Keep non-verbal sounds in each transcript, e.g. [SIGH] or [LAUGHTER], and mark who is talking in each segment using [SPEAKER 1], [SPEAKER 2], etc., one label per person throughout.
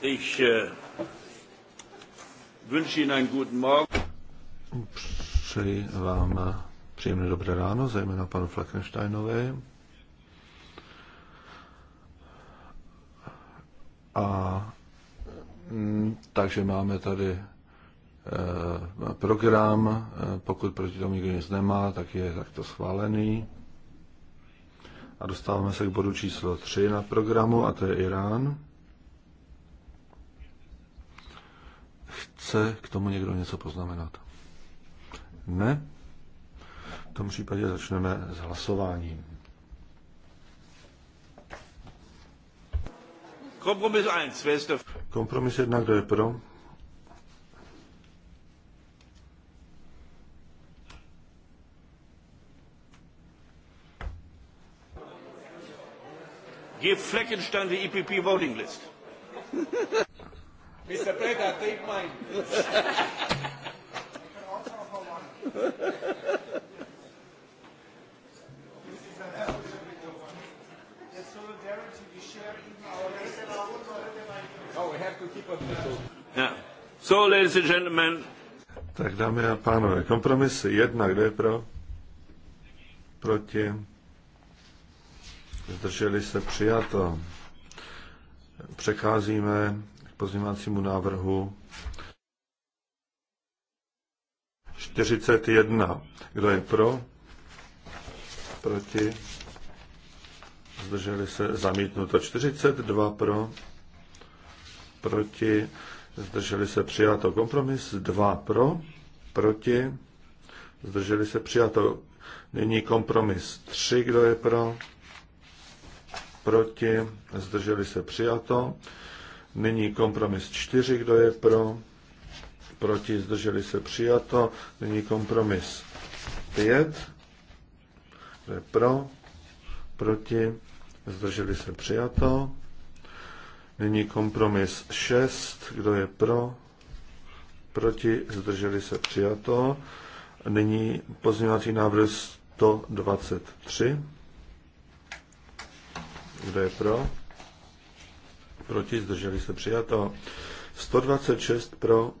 [SPEAKER 1] Ich äh, wünsche Ihnen einen guten Morgen. Přeji vám příjemné dobré ráno, zejména panu Fleckensteinové. A mm, takže máme tady eh, program, eh, pokud proti tomu nikdo nic nemá, tak je takto schválený. A dostáváme se k bodu číslo 3 na programu, a to je Irán. Chce k tomu někdo něco poznamenat? Ne? V tom případě začneme s hlasováním. Kompromis 1, kdo je pro? Give Fleckenstein the EPP voting list. [LAUGHS] Mr. Preda, take mine. Oh, so, ladies and gentlemen. Tak dámy a pánové, kompromisy jedna, kde je pro? Proti zdrželi se přijato. Přecházíme k pozměňovacímu návrhu 41. Kdo je pro? Proti? Zdrželi se zamítnuto. 42 pro? Proti? Zdrželi se přijato. Kompromis 2 pro? Proti? Zdrželi se přijato. Nyní kompromis 3. Kdo je pro? proti, zdrželi se přijato. Nyní kompromis 4, kdo je pro, proti, zdrželi se přijato. Nyní kompromis 5, kdo je pro, proti, zdrželi se přijato. Nyní kompromis 6, kdo je pro, proti, zdrželi se přijato. Nyní pozměňovací návrh 123. Kdo je pro? Proti, zdrželi se přijato. 126 pro,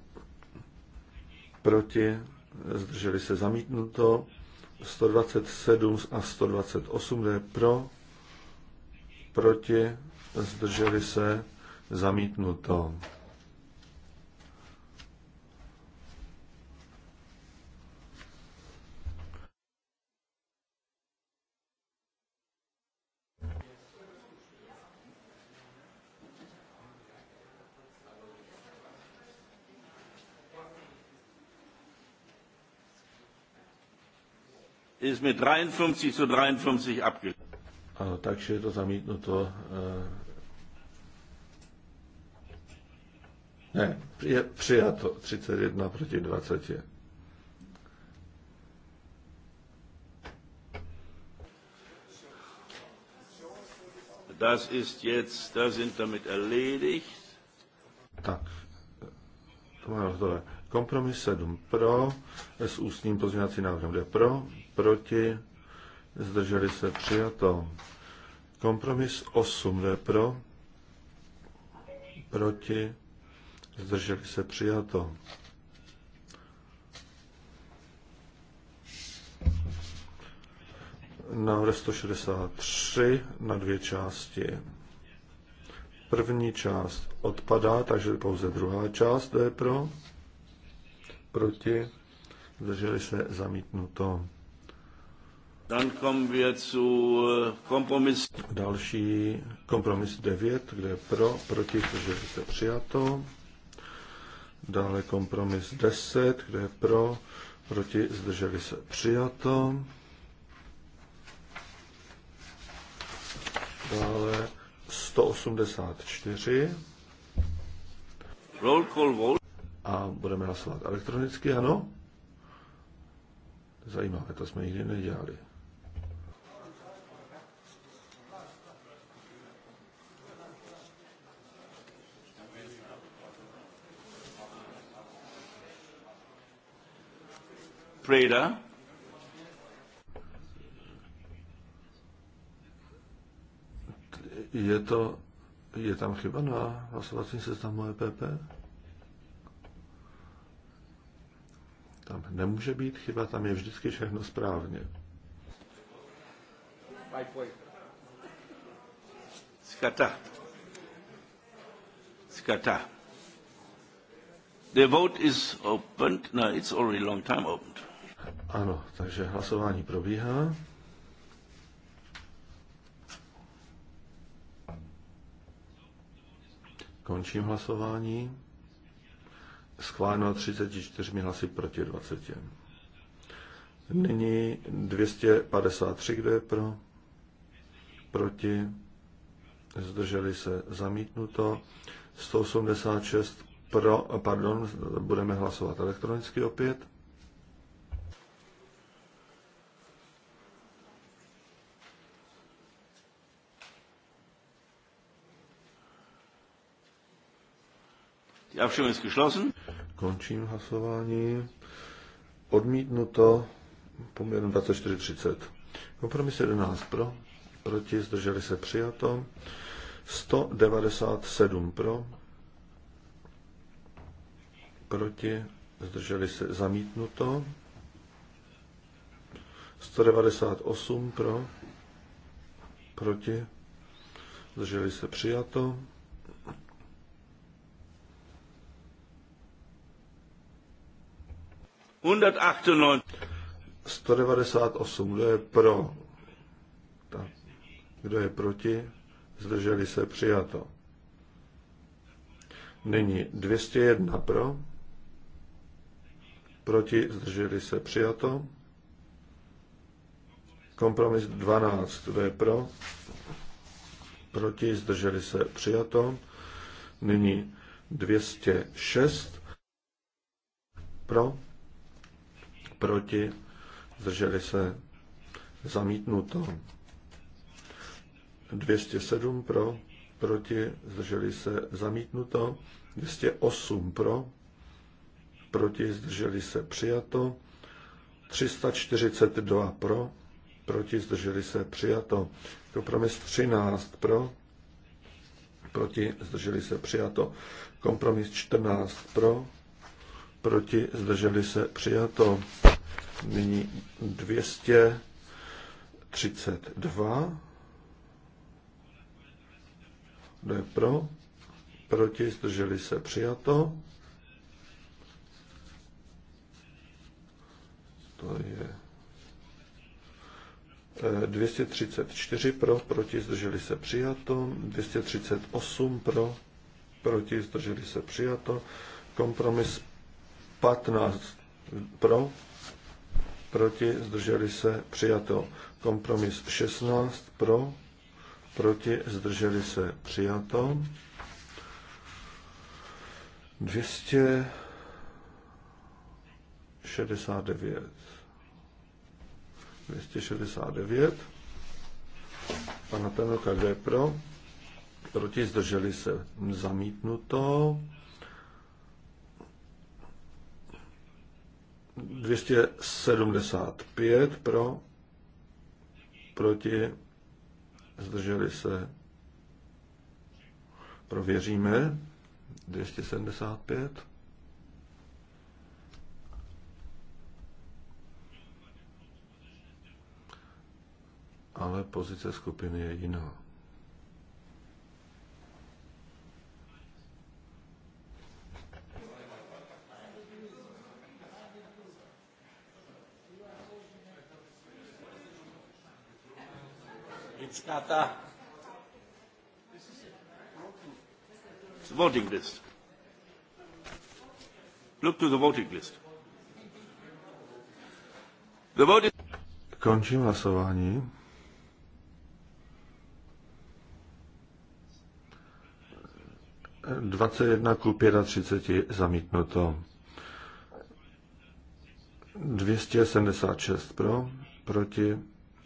[SPEAKER 1] proti, zdrželi se zamítnuto. 127 a 128 je pro, proti, zdrželi se zamítnuto. ist mit 53 zu 53 abgelehnt. Ano, takže je to zamítnuto. Eh. Ne, je přijato 31 proti 20. Das ist jetzt, da sind damit erledigt. Tak, to máme hotové. Kompromis 7 pro, s ústním pozměňovacím návrhem jde pro, proti, zdrželi se přijato. Kompromis 8 jde pro, proti, zdrželi se přijato. Návrh 163 na dvě části. První část odpadá, takže pouze druhá část jde pro, proti, zdrželi se zamítnuto. Äh, kompromis. Další kompromis 9, kde je pro, proti, protože se přijato. Dále kompromis 10, kde je pro, proti, zdrželi se přijato. Dále 184. Roll call vote. A budeme hlasovat elektronicky, ano? Zajímavé, to jsme nikdy nedělali. Preda. Je to, je tam chyba na hlasovacím seznamu EPP? Tam nemůže být chyba, tam je vždycky všechno správně. Skata. Skata. The vote is opened. No, it's already long time opened. Ano, takže hlasování probíhá. Končím hlasování. Schváleno 34 hlasy proti 20. Nyní 253, kdo je pro, proti, zdrželi se zamítnuto. 186 pro, pardon, budeme hlasovat elektronicky opět. Abstimmung ist geschlossen. Končím hlasování. Odmítnuto poměrem 24.30. Kompromis 11 pro, proti, zdrželi se přijato. 197 pro, proti, zdrželi se zamítnuto. 198 pro, proti, zdrželi se přijato. 198, kdo je pro? Tak. Kdo je proti? Zdrželi se přijato. Nyní 201 pro. Proti zdrželi se přijato. Kompromis 12, kdo je pro? Proti zdrželi se přijato. Nyní 206 pro proti, zdrželi se, zamítnuto. 207 pro, proti, zdrželi se, zamítnuto. 208 pro, proti, zdrželi se, přijato. 342 pro, proti, zdrželi se, přijato. Kompromis 13 pro, proti, zdrželi se, přijato. Kompromis 14 pro, proti, zdrželi se, přijato. Nyní 232. Kdo je pro? Proti? Zdrželi se? Přijato. To je 234 eh, pro, proti zdrželi se přijato, 238 pro, proti zdrželi se přijato, kompromis 15 pro, proti, zdrželi se, přijato. Kompromis 16 pro, proti, zdrželi se, přijato. 269. 269. Pana Tenoka, kde je pro? Proti, zdrželi se, zamítnuto. 275 pro, proti, zdrželi se, prověříme, 275. Ale pozice skupiny je jiná. Gata. It's voting list. Look to the voting list. The Končím hlasování. Dvacet jedna ku třiceti zamítnuto. 276 pro, proti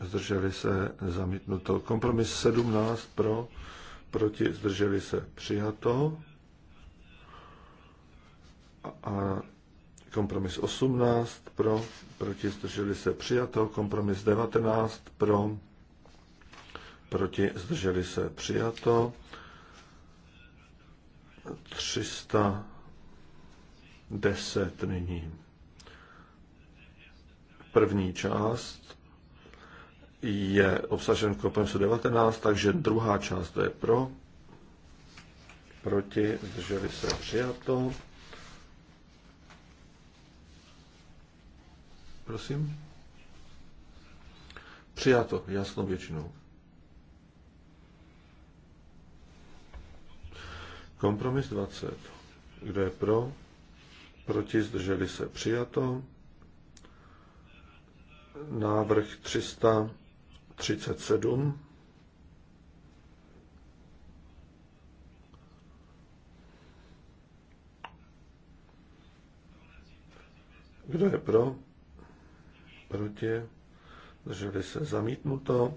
[SPEAKER 1] zdrželi se, zamítnuto. Kompromis 17 pro, proti, zdrželi se, přijato. A kompromis 18 pro, proti, zdrželi se, přijato. Kompromis 19 pro, proti, zdrželi se, přijato. 310 nyní. První část je obsažen v kompromisu 19, takže druhá část to je pro, proti, zdrželi se přijato. Prosím. Přijato jasnou většinou. Kompromis 20. Kdo je pro? Proti zdrželi se přijato. Návrh 300. 37. Kdo je pro? Proti? Drželi se zamítnuto.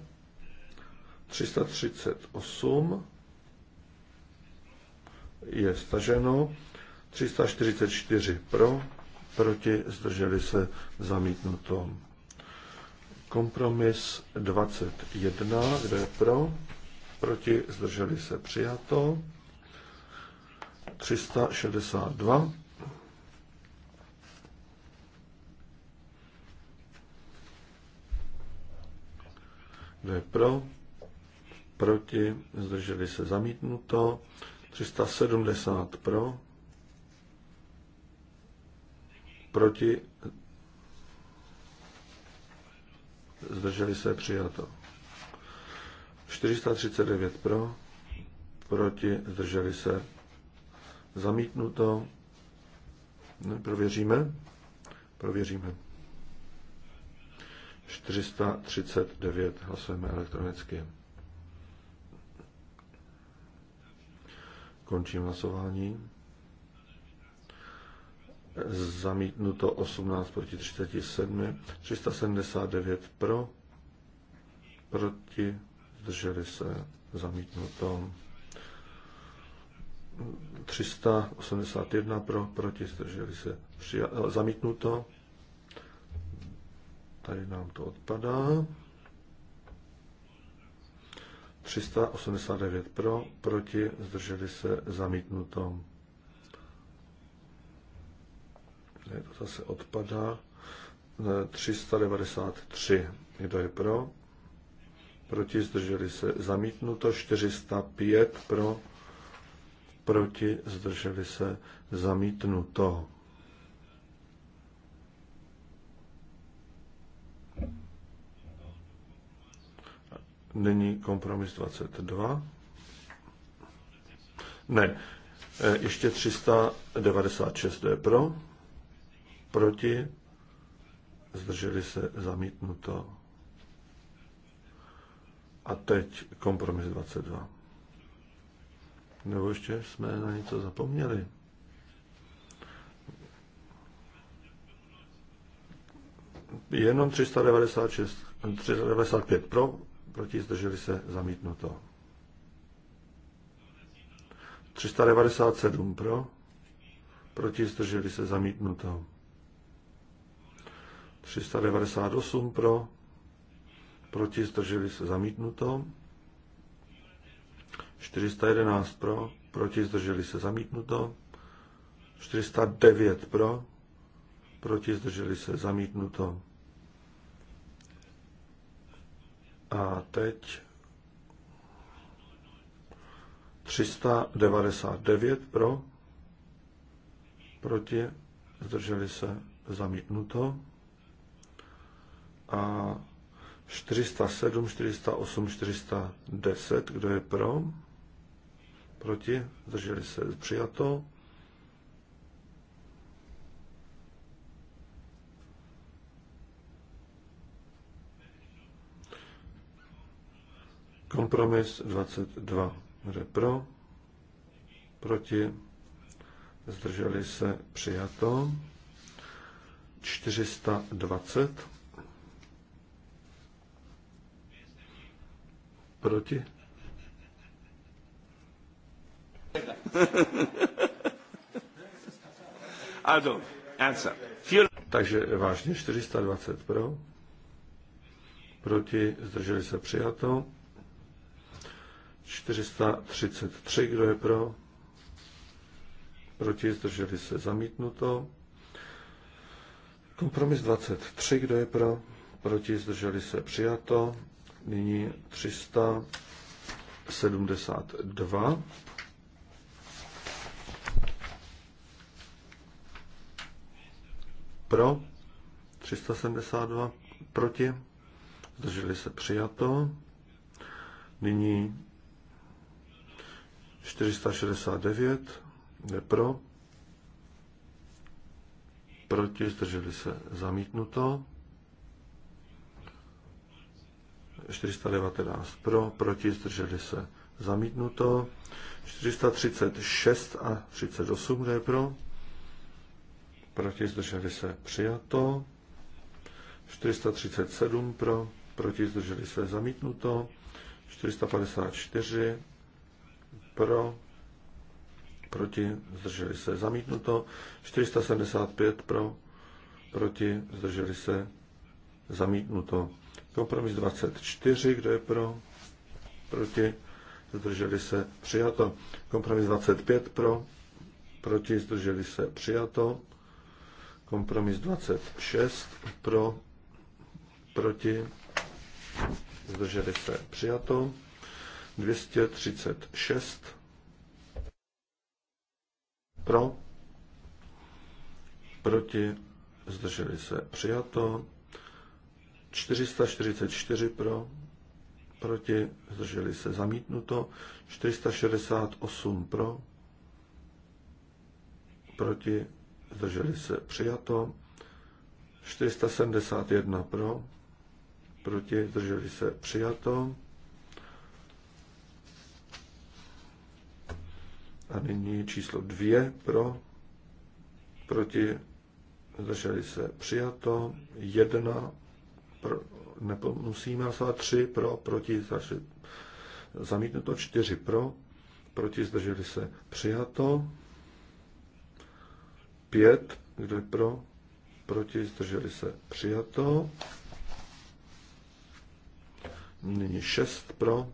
[SPEAKER 1] 338 je staženo. 344 pro, proti zdrželi se zamítnuto. Kompromis 21, kdo je pro? Proti zdrželi se přijato. 362. Kdo je pro? Proti zdrželi se zamítnuto. 370 pro. Proti zdrželi se přijato. 439 pro, proti, zdrželi se zamítnuto. Prověříme? Prověříme. 439 hlasujeme elektronicky. Končím hlasování zamítnuto 18 proti 37, 379 pro, proti, zdrželi se, zamítnuto 381 pro, proti, zdrželi se, přija, eh, zamítnuto, tady nám to odpadá, 389 pro, proti, zdrželi se, zamítnuto Ne, to zase odpadá. 393. Kdo je pro? Proti zdrželi se. Zamítnuto 405 pro. Proti zdrželi se. Zamítnuto. Nyní kompromis 22. Ne, e, ještě 396 je pro proti, zdrželi se zamítnuto. A teď kompromis 22. Nebo ještě jsme na něco zapomněli. Jenom 396, 395 pro, proti zdrželi se zamítnuto. 397 pro, proti zdrželi se zamítnuto. 398 pro, proti, zdrželi se zamítnuto. 411 pro, proti, zdrželi se zamítnuto. 409 pro, proti, zdrželi se zamítnuto. A teď 399 pro, proti, zdrželi se zamítnuto a 407, 408, 410, kdo je pro, proti, zdrželi se, přijato. Kompromis 22, kdo je pro, proti, zdrželi se, přijato. 420 Proti? also, [LAUGHS] answer. Takže vážně 420 pro. Proti zdrželi se přijato. 433, kdo je pro? Proti zdrželi se zamítnuto. Kompromis 23, kdo je pro? Proti zdrželi se přijato. Nyní 372. Pro 372 proti. Zdrželi se přijato. Nyní 469 je pro. Proti zdrželi se zamítnuto. 419 pro, proti, zdrželi se zamítnuto. 436 a 38, kdo je pro? Proti, zdrželi se přijato. 437 pro, proti, zdrželi se zamítnuto. 454 pro, proti, zdrželi se zamítnuto. 475 pro, proti, zdrželi se zamítnuto. Kompromis 24, kdo je pro, proti, zdrželi se, přijato. Kompromis 25 pro, proti, zdrželi se, přijato. Kompromis 26 pro, proti, zdrželi se, přijato. 236 pro, proti, zdrželi se, přijato. 444 pro, proti, zdrželi se zamítnuto, 468 pro, proti, zdrželi se přijato, 471 pro, proti, zdrželi se přijato. A nyní číslo 2 pro, proti, zdrželi se přijato, 1 pro, nepo, musíme hlasovat 3 pro, proti, takže zamítnuto 4 pro, proti, zdrželi se přijato, 5, kdo je pro, proti, zdrželi se přijato, nyní 6 pro,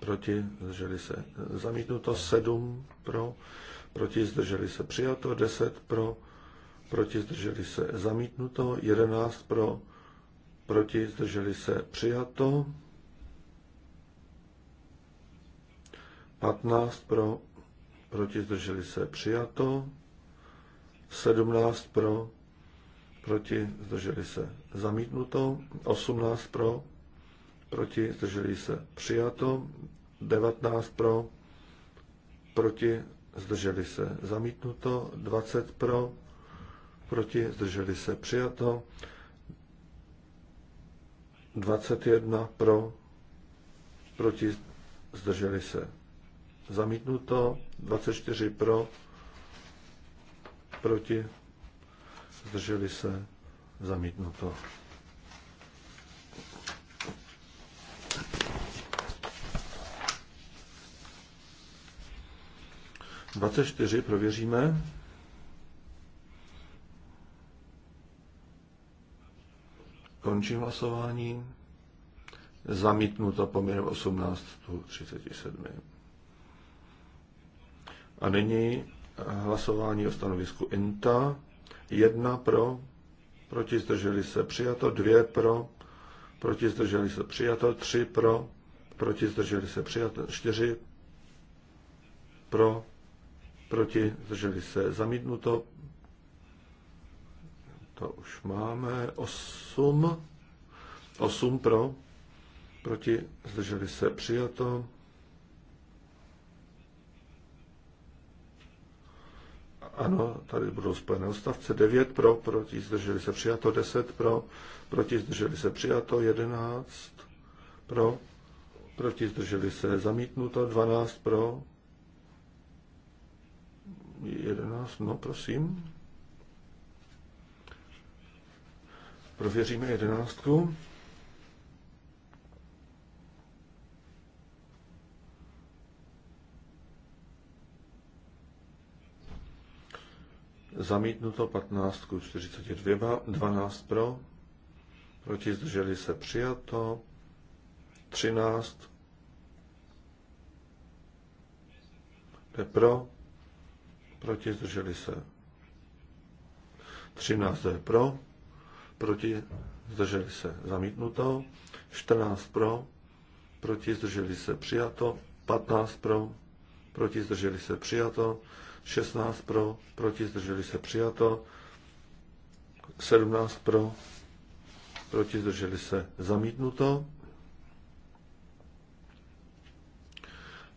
[SPEAKER 1] proti, zdrželi se zamítnuto, 7 pro, proti, zdrželi se přijato, 10 pro, proti, zdrželi se zamítnuto, 11 pro, proti, zdrželi se, přijato. 15 pro, proti, zdrželi se, přijato. 17 pro, proti, zdrželi se, zamítnuto. 18 pro, proti, zdrželi se, přijato. 19 pro, proti, zdrželi se, zamítnuto. 20 pro, proti, zdrželi se, přijato. 21 pro, proti, zdrželi se. Zamítnuto 24 pro, proti, zdrželi se, zamítnuto. Dvacet čtyři prověříme. Končím hlasování. Zamítnuto poměrem 18.37. A nyní hlasování o stanovisku INTA. Jedna pro, proti zdrželi se přijato, dvě pro, proti zdrželi se přijato, tři pro, proti zdrželi se přijato, čtyři pro, proti zdrželi se zamítnuto, to už máme. 8. 8 pro. Proti. Zdrželi se. Přijato. Ano, tady budou spojené odstavce. 9 pro, proti zdrželi se přijato, 10 pro, proti zdrželi se přijato, 11 pro, proti zdrželi se zamítnuto, 12 pro, 11, no prosím. Prověříme jedenáctku. Zamítnuto 15 k 42, 12 pro, proti zdrželi se přijato, 13 je pro, proti zdrželi se, 13 je pro, proti, zdrželi se zamítnuto, 14 pro, proti, zdrželi se přijato, 15 pro, proti, zdrželi se přijato, 16 pro, proti, zdrželi se přijato, 17 pro, proti, zdrželi se zamítnuto.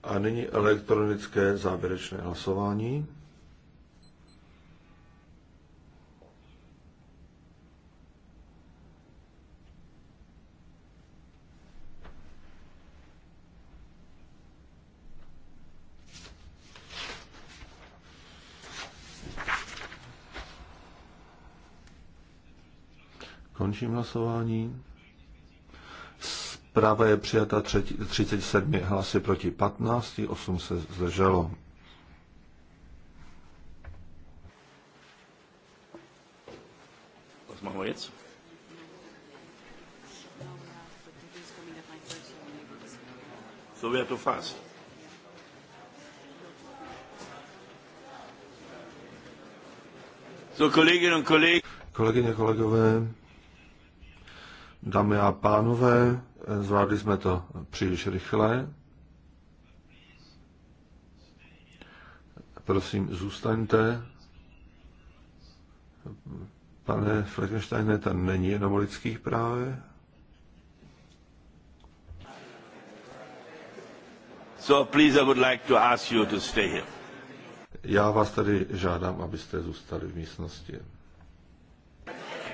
[SPEAKER 1] A nyní elektronické závěrečné hlasování. Končím hlasování. Zpráva je přijata 37 hlasy proti 15, 8 se zdrželo. Was machen wir jetzt? So we kolegyně, kolegové, Dámy a pánové, zvládli jsme to příliš rychle. Prosím, zůstaňte. Pane Fleckensteine, tam není jenom lidských právech. So please, I would like to ask you to stay here. Já vás tady žádám, abyste zůstali v místnosti.